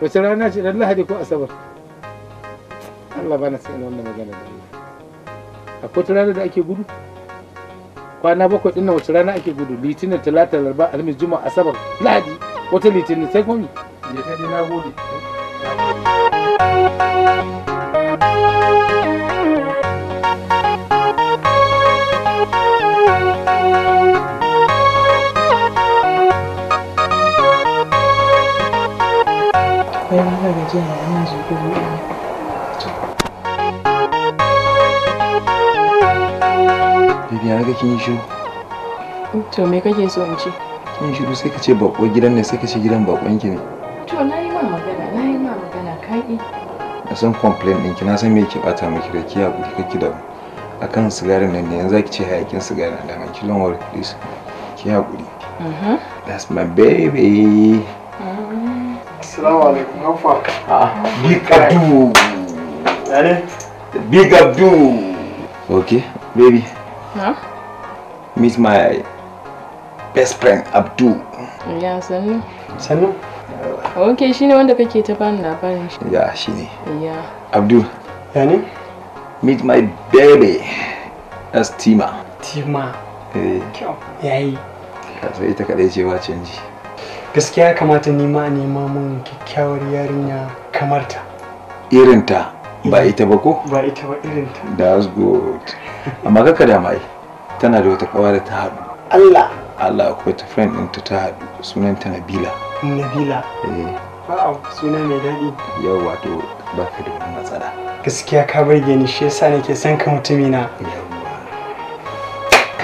wace rana ce dan lahadi ko asabar Allah bana sai wannan magana da Allah akwai wata rana da ake gudu kwana bakwai dinnan wace rana ake gudu litinin talata larba alhamis juma'a asabar lahadi wata litinin sai komi ya kai na gode idan ka gajiya yana zo ku zo Bibi na ga kin yi shiru. Mm, to me kake so in ce? Kin yi shiru sai ka ce bako gidan ne sai ka ce gidan bakon ki ne. To na yi ma magana, na yi ma magana kaɗi. Na san complain ɗinki, na san me ke bata miki da kiya ku kake da akan sigarin nan ne yanzu za ki ce hayakin sigarin da man kilon war please. Ki hakuri. Mhm. That's my baby. Assalamu alaikum, hafa. Ah, big Big Okay, baby. Huh? Meet my best friend Abdu. Ya sannu. Ya, shine. Yeah. Abdu. Yani? Meet my baby. That's Tima. Tima. Eh. Ka ita wa canji. gaskiya kamata nima a nema mun kyakkyawar yarinya kamar ta irinta ba ita ba ko ba ita ba irinta that's good amma kaka da mai tana da wata kawa da ta haɗu Allah Allah akwai ta friend din ta haɗu ta Nabila Nabila eh Wow, suna mai daɗi. Yau wato ba ka da wani matsala. Gaskiya ka burge ni shi yasa nake son ka mutumi na.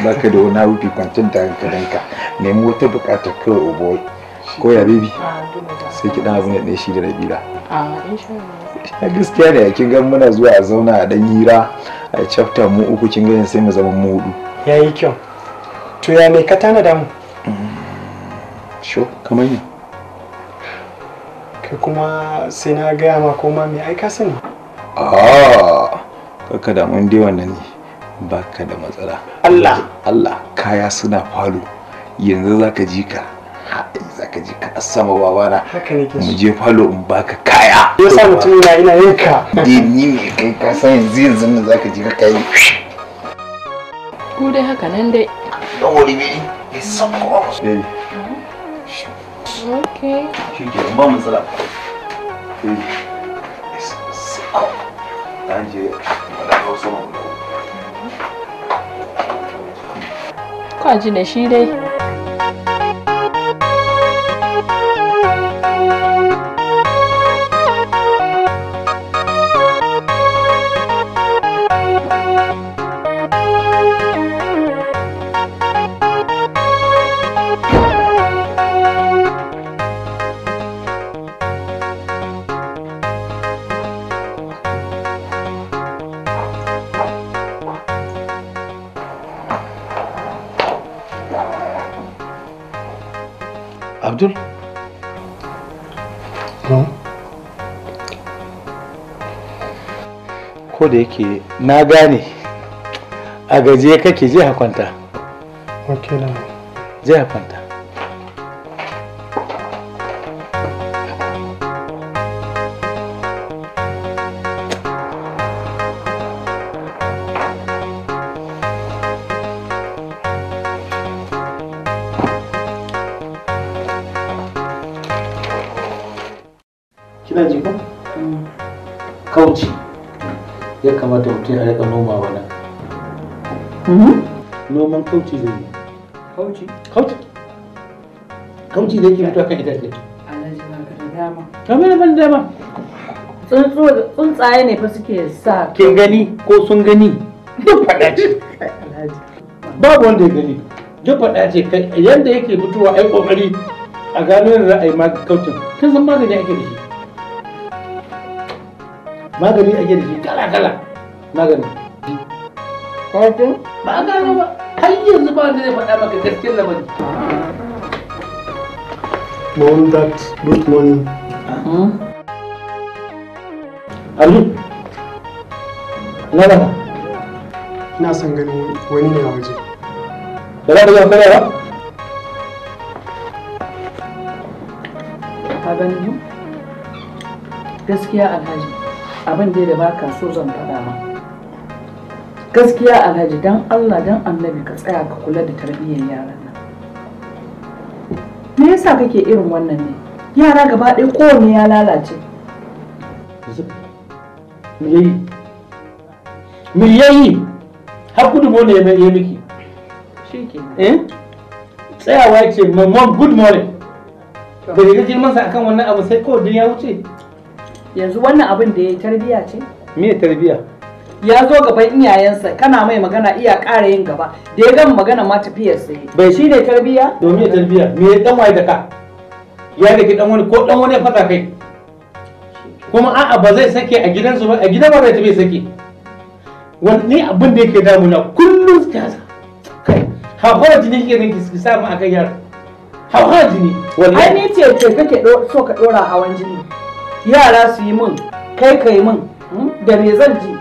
Ba ka da wani abu kwantar da hankalinka. Nemi wata buƙatar kawai uboy. Oh ko ya bibi sai ki dan abin da shi da Nabila a insha gaskiya ne kin ga muna zuwa a zauna a dan hira a chapter mu uku kin ga sai mu zama mu hudu yayi kyau to ya ne ka tana da mu sho kamar ni kai kuma sai na gaya ma ko ma me ai ka sani ah kaka da mun dai wannan ne baka da matsala Allah Allah kaya suna falo yanzu zaka ji ka ka ji ka sama babana mu je falo in baka kaya ya sa mutum ina ina yin ka dai ni me kai ka san yanzu yanzu nan zaka je ka kai ku dai haka nan dai don worry me it's so close eh okay shi ke ba mun sala eh it's so cool dan je da hausa mu ka ji da shi dai Abdul? Ko da yake na gane a gaje kake je hakwanta. Ok na. Je hakwanta. kauci ya kamata mutum ya rika noma wa nan mhm. noman kauci zai yi kauci kauci kauci da yake fito kan itace kamar ban dama tsuntsaye ne fa suke sa kin gani ko sun gani duk faɗa ce babu wanda ya gani duk faɗa ce yadda yake mutuwa ai kokari a gano yadda za a yi kaucin kin san magani ake da shi magani ake da shi kala kala magani kafin ba gano ba har yanzu ba wanda zai faɗa maka gaskiyar labari Mom, that good morning. Uh-huh. Hmm? Ali, ina ba? Ina son ganin wani ne a waje. Da za ka zo kare ba? Ka gani Gaskiya Alhaji. abin da ya baka so zan faɗa ma gaskiya alhaji dan allah dan annabi ka tsaya ka kula da tarbiyyar yaran nan me yasa kake irin wannan ne yara gaba ɗaya kowane ya lalace me yayi har mo ne ya miki shi ke Tsaya eh? tsayawa ce mamman good morning da daga masa akan wannan abu sai kawai duniya wuce yanzu wannan abin da ya yi tarbiya ce me tarbiya ya zo gaban iyayensa kana mai magana iya ƙara yin gaba da ya gama magana ma tafiyar sa bai shi ne tarbiya domin ya tarbiya me ya dan waye da ka ya da ki dan wani ko dan wani ya fata kai kuma a'a ba zai sake a gidansu ba a gidan ba zai tafi sake wani abin da yake damuna kullum ta sa, kai hawa jini kike nan ki samu akan yara hawa jini wallahi ai ce ce kake so ka dora hawan jini yara su yi min kai kai min hmm? da me zan ji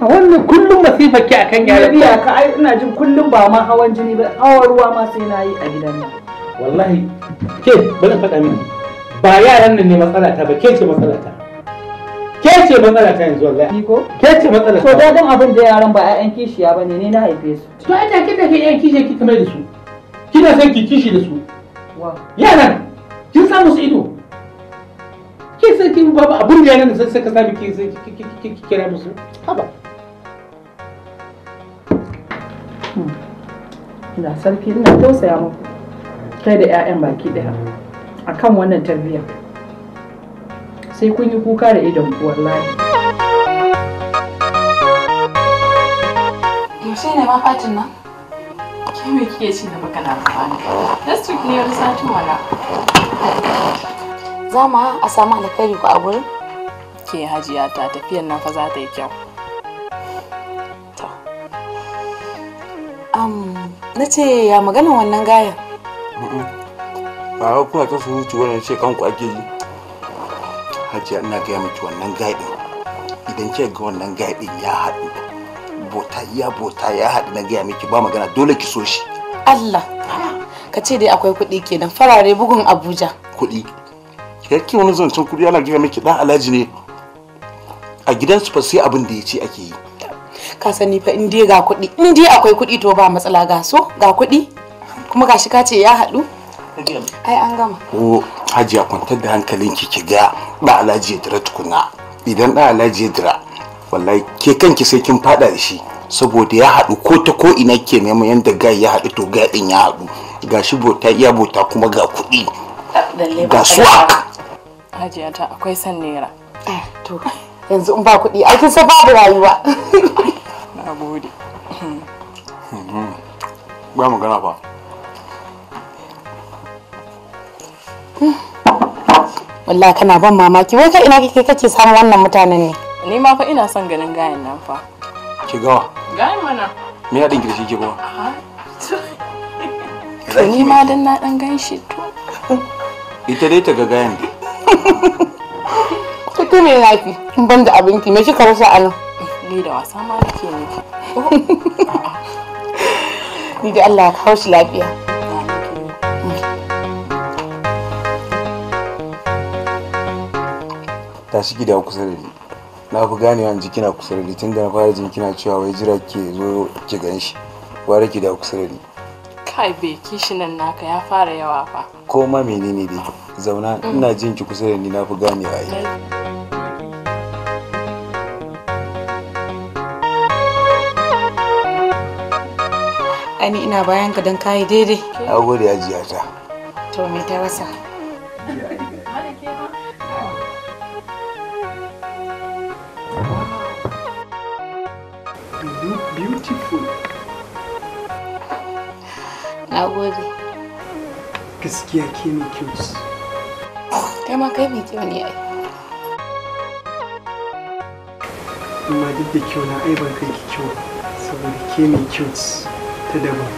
a wannan kullum masifa ki akan yara biya ka ai ina jin kullum ba ma hawan jini ba hawan ruwa ma sai na yi a gidan nan wallahi ke bari faɗa min. ba yaran nan ne matsala ta ba ke ce matsala ta ke ce matsala ta yanzu wallahi ko ke ce matsala ta da dan abin da yaran ba ƴaƴan kishiya ba ne ne na haife su to ai ta da ke ƴaƴan kishiya ki kamar da su kina son ki kishi da su yaran kin samu su ido ke sai ki ba abin da yana sai sai ka sami ki sai ki kira musu haba hmm. ina sarki ina tausaya muku kai da 'ya'yan baki daya akan wannan tarbiyya sai kun yi kuka da idon ku wallahi yaushe ne ma fatin nan ke me kike ci da baka na ne. next week ne wani satin wala za m'a a samu alkhairi ku a gurin ke hajiya ta tafiyan nan fa za ta yi kyau na ce ya magana wannan gayan ba hau kuna ta surutu wannan ce kanku ake yi hajiya ina gaya miki wannan gaɗin idan ce ga wannan gaɗin ya haɗu bota ya bota ya haɗu na gaya miki ba magana dole ki so shi Allah ka ce dai akwai kuɗi kenan farare bugun Abuja kuɗi kake wani zancen kudi ana gina miki dan alhaji ne a gidansu fa sai abin da ya ce ake yi ka sani fa in dai ga kuɗi in dai akwai kuɗi to ba matsala ga so ga kuɗi kuma gashi ka ce ya haɗu ai an gama ko haji ya kwantar da hankalinki ki ga da alhaji ya dira tukuna idan da alhaji ya dira wallahi ke kanki sai kin fada da shi saboda ya haɗu ko ta ko ina ke neman yadda gai ya haɗu to gai ɗin ya haɗu gashi bota iya bota kuma ga kuɗi ga suwak hajiya akwai san naira eh, to yanzu in ba kuɗi ai kin ba babu rayuwa na gode hmm, ba magana ba. wallahi kana ban mamaki wai kai ina kake kake samun wannan mutanen ne ni ma fa ina son ganin gayan nan fa ki gawa gayan mana me ya dinki shi ki gawa to ni ma dan na dan ganshi to ita dai ta ga gayan dai Kike me lafi in ban da abinki me shi rasa a nan? Ni da wasa ma nake miki. Ni da Allah ya kawo shi lafiya. Tashi gida kusa da ni. Na ku gane wani jikina kina kusa da ni tunda na fara jin kina cewa wai jira ke zo ki gan shi. Gwara da kusa da ni. kai be kishinan nan naka ya fara yawa fa ko ma menene ne zauna mm. ina jin ki kusa da ni na fi gane ai ani ina bayan ka dan kai daidai a gode jiya ta to me ta wasa beautiful na gaskiya ke mai kyau kai ma kai mai kyau ne ai amma duk da kyau na ai ban kai ki kyau saboda ke mai kyau ta daban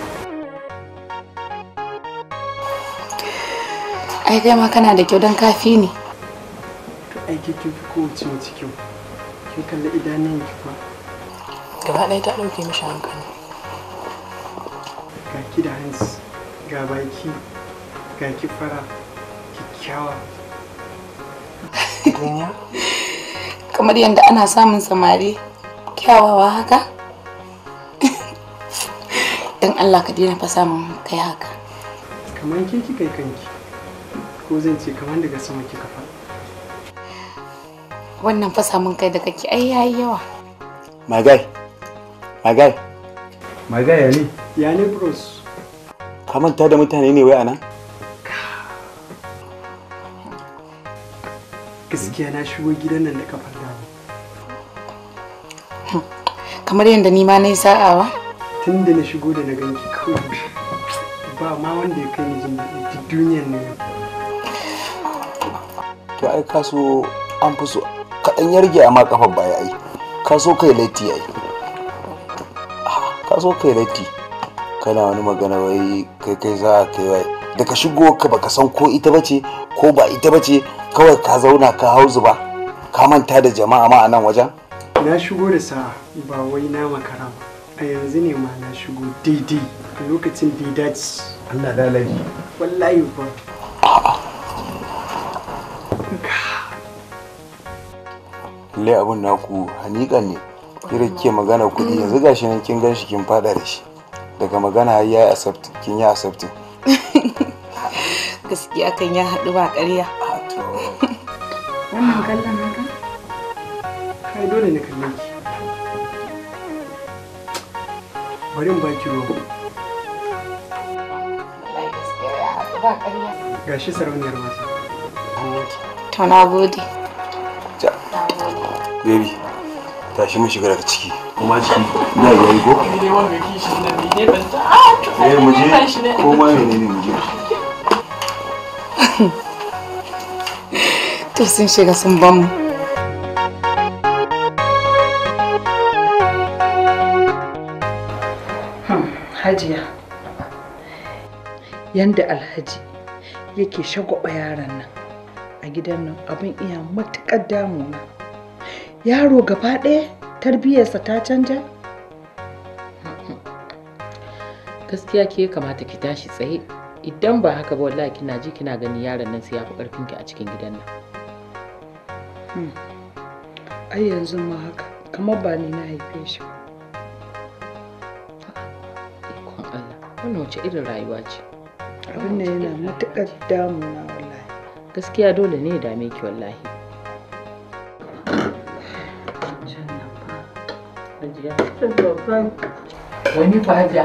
ai kai ma kana da kyau don kafi ne to ai ke kin fi kowace mace kyau kin kalli idanun ki fa gaba ɗaya ta ɗauke mishi hankali ga ki da hansi ga baki ga ki fara kyakkyawa kamar yadda ana samun samari kyawawa haka Dan allah ka daina fa samun kai haka kamar ke ki kai kanki ko zan ce kamar daga sama ki kafa? wannan fa samun kai da kake ai yayi yawa magai magai magai ya ne ya ne bros ka manta da mutane ne wai anan gaskiya na shigo gidan nan da kafar dama kamar yadda ni ma na yi sa'awa tun da na shigo da na ganki kawai ba ma wanda ya kai ni jin daɗi duniyan nan to ai so an fi so kaɗan ya rage a ma kafar baya ai kaso kai latti ai so kai latti kana wani magana wai kai kai za a kai wai daga shigo ka baka san ko ita bace ko ba ita bace kawai ka zauna ka hauzu ba ka manta da jama'a ma a nan wajen na shigo da sa ba wai na makara ba a yanzu ne ma na shigo daidai a lokacin da ya dace Allah lalaji wallahi ba lai abun naku hanika ne irin ke magana kuɗi yanzu gashi nan kin gan shi kin fada da shi daga magana har yayi accept kin yi accept gaskiya kan ya haɗu ba ƙarya ah, wannan kallon haka kai dole ne kallon ki bari in baki ruwa ga shi sarauniyar mata to na gode ja baby tashi mu shiga daga ciki kuma ciki na yayi go eh shiga sun ban mu hmm, hajiya yanda alhaji yake shagwaba yaran nan a gidan nan abin iya matuƙar damuna yaro gaba ɗaya tarbiyyarsa ta canja gaskiya ke kamata ki tashi tsaye idan ba haka ba wallahi kina ji kina gani yaron nan sai ya fi karfin ki a cikin gidan nan hmm. ai yanzu ma haka kamar ba ni na haife shi ikon Allah wannan wace irin rayuwa ce abin da yana matukar damuna wallahi gaskiya dole ne ya dame ki wallahi wani fahimta.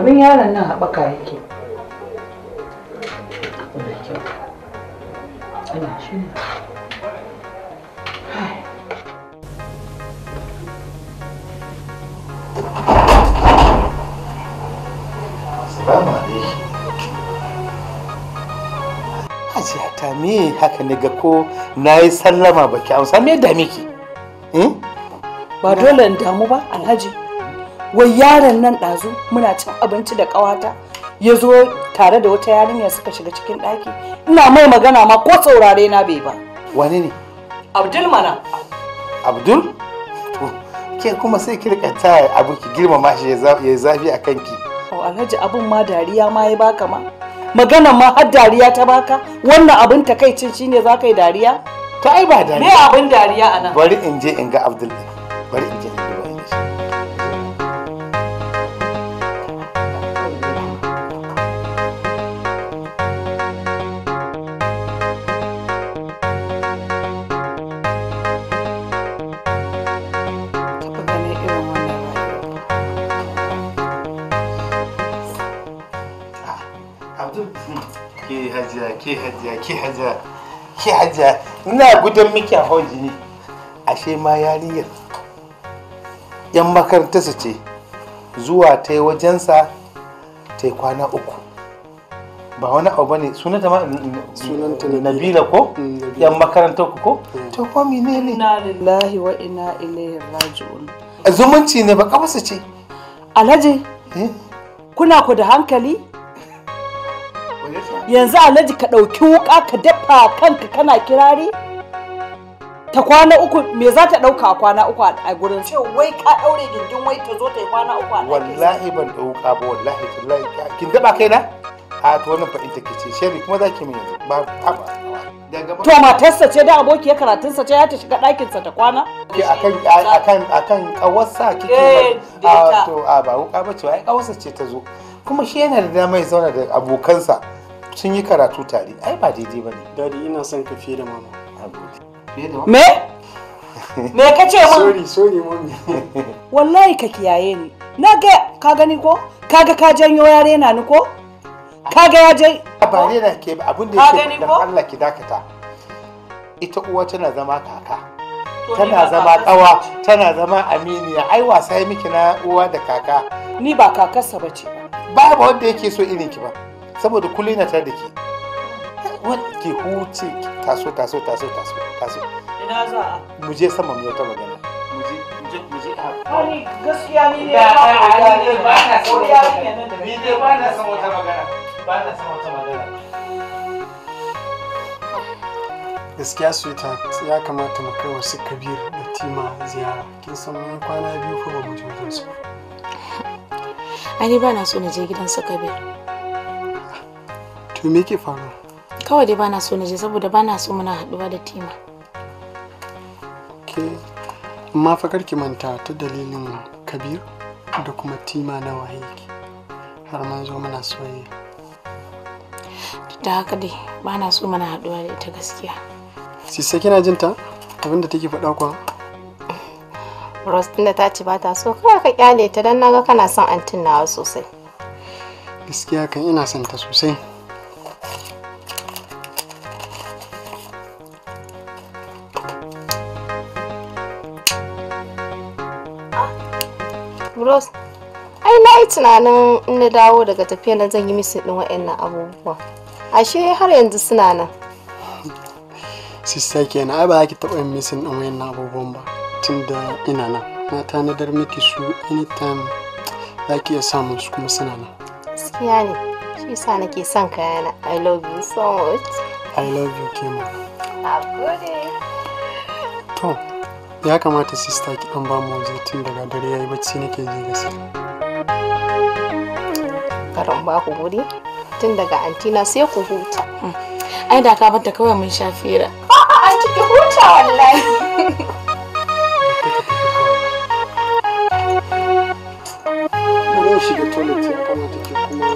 abin yaron nan haɓaka yake Hajiya ta me haka ne ga ko na yi sallama baki amsa me da miki? Hmm? Ba dole in damu ba alhaji. wai yaron nan ɗazu muna cin abinci da ƙawata ya zo tare da wata yarinya suka shiga cikin ɗaki ina mai magana ma ko saurare na bai ba wani ne abdul mana abdul ke kuma sai ki rika ta abu ki girmama shi ya zafi a kanki o alhaji abun ma dariya ma ya baka ma magana ma har dariya ta baka wannan abin takaicin shine za ka yi dariya To ai ba dariya me abin dariya anan bari in je in ga abdul hajiya ki hajiya ki hajiya ina gudan miki a jini. ashe ma yarinyar yan makaranta su ce zuwa ta yi wajensa ta yi kwana uku ba wani abu bane sunanta ma sunanta nabila ko mm, yan makaranta ku ko mm. to ko ne. inna lillahi wa inna ilaihi raji'un zumunci ne ba kafasa ce alhaji eh? kuna ku da hankali yanzu alhaji ka ɗauki wuƙa ka dafa kanka kana kirari ta kwana uku me za ta ɗauka a kwana uku a gurin ce wai ka ɗaure gindin wai ta zo ta yi kwana uku a wallahi ban ɗauka ba wallahi tallahi kin kai kaina a to wannan faɗin take ce shari kuma za ki min yanzu ba ba to matarsa ce da abokiyar karatunsa ce ya ta shiga ɗakinsa ta kwana ke akan akan akan kawarsa kike eh, a to a ba wuka ba ce ai kawarsa ce ta zo kuma shi yana da damar zauna da abokansa sun yi karatu tare ai ba daidai ba ne dadi ina son ka fiye da mama fiye da me me ka ce mun sorry sorry mami wallahi ka kiyaye ni na ga ka gani ko kaga ka janyo yare na ni ko kaga ya je ba ne na ke abin da yake da Allah ki dakata ita uwa tana zama kaka tana zama kawa tana zama aminiya ai wasa miki na uwa da kaka ni ba kakarsa bace ba ba wanda yake so irin ki ba saboda kullum yana tare da ke ke huce taso taso taso taso taso ina za mu je sama mu ni ne wata magana ba gaskiya ya kamata mu kai wasu kabir da tima ziyara kin san mun kwana biyu ko ba mu je wajen su ani ba na so na je gidan su To me yake faruwa? Kawai dai bana so na je saboda bana so muna haduwa da Tima. Ke amma fa karki manta ta dalilin Kabir da kuma Tima na ki. Har man zo muna soyayya. da haka dai bana so muna haduwa da ita gaskiya. sai kina jin ta? Abinda take faɗa kuwa? Rostinda ta ce ba ta so kawai ka kyale ta don naga kana son antin nawa sosai. Gaskiya kan ina son ta sosai. Rose, ai na yi tunanin in na dawo daga tafiya na zan yi misin ɗin waɗannan abubuwa. Ashe har yanzu suna nan. Sista kenan, ai ba za ki taɓa yin misin ɗin waɗannan abubuwan ba. Tun da ina nan, na tanadar miki su anytime za ki iya samun su kuma suna nan. Gaskiya ne, shi yasa nake son kayana. I love you so much. I love you, Kima. Na gode. To, ya kamata sista ki an ba mu waje tun daga dare yayi bacci nake ji gaskiya karon ba ku guri tun daga antina sai ku huta ai da ka bata kawai mun shafira a'a an ciki huta wallahi Bari shiga toilet ya kamata ki kuma